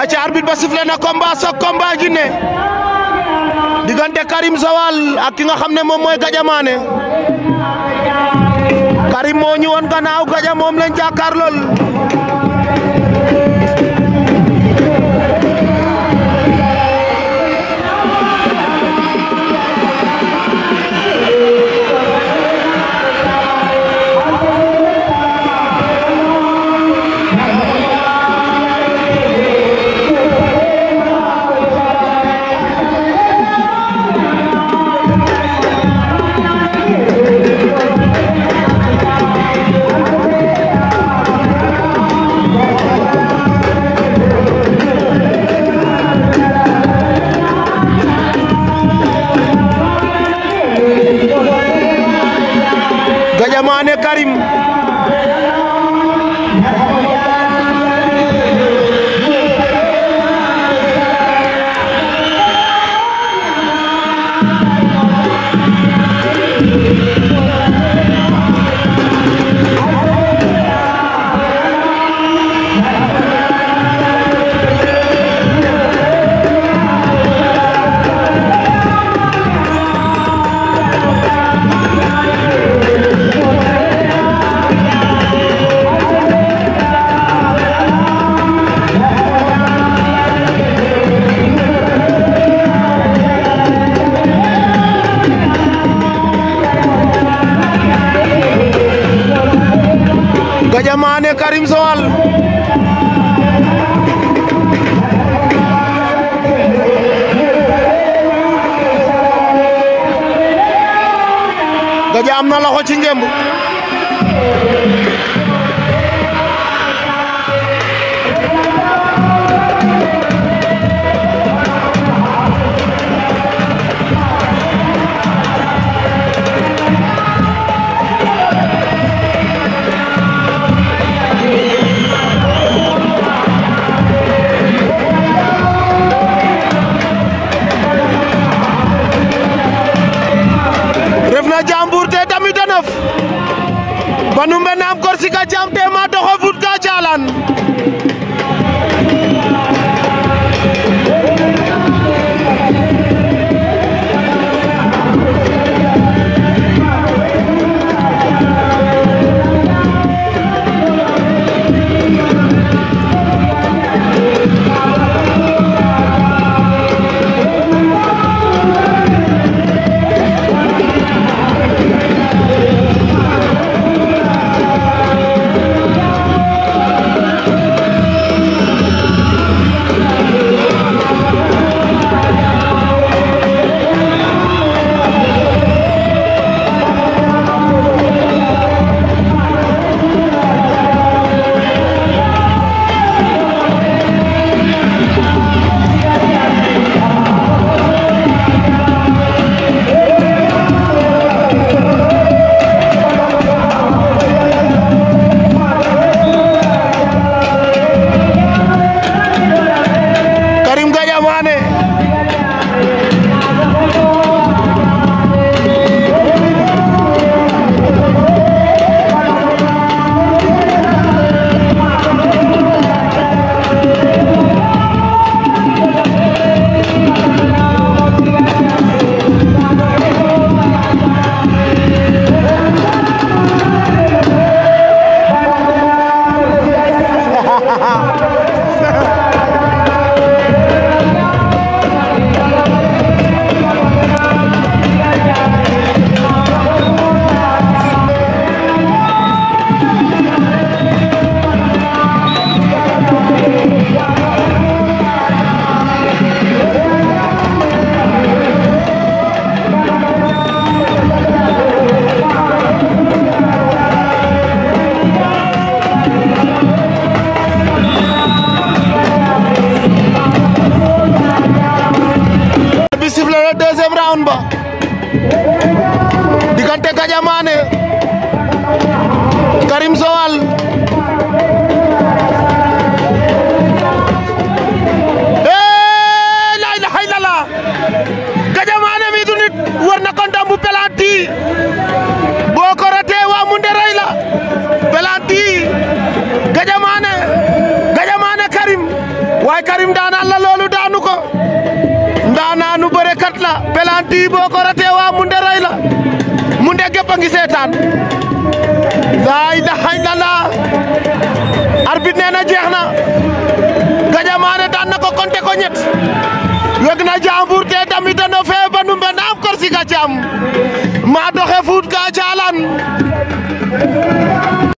aca arbitre ba sifflé na combat soog combat Guinée diggante Karim Joal ak ki nga xam ne moom mooy Gandia Mané Karim moo ñu woon gannaaw Gandia moom lañ jàkkaar lool Mané Karim Joal Gandia am na loxo ci ngemb doxof ba nu mbe naam Korsica Thiam te ma doxofut round ba diggante Gandia Karim Joal la pelanti boo ko ratee waa Moundé rey la Moundé gépp a ngi seetaan laa ilaaha illallaah arbitre nee na jeex na Gandia Mané daan na ko konte ko ñett weg na jaambur te damit dana fee mbe naam korsi gacaam maa doxe fuut gaacalan